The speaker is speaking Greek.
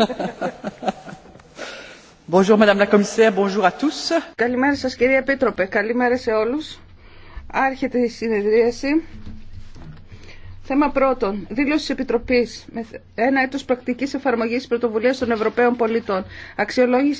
Καλημέρα σας κυρία Επίτροπε, καλημέρα σε όλους. Άρχεται η συνεδρίαση. Θέμα πρώτον, δήλωση της Επιτροπής με ένα έτος πρακτικής εφαρμογής πρωτοβουλίας των Ευρωπαίων πολιτών. Αξιολόγηση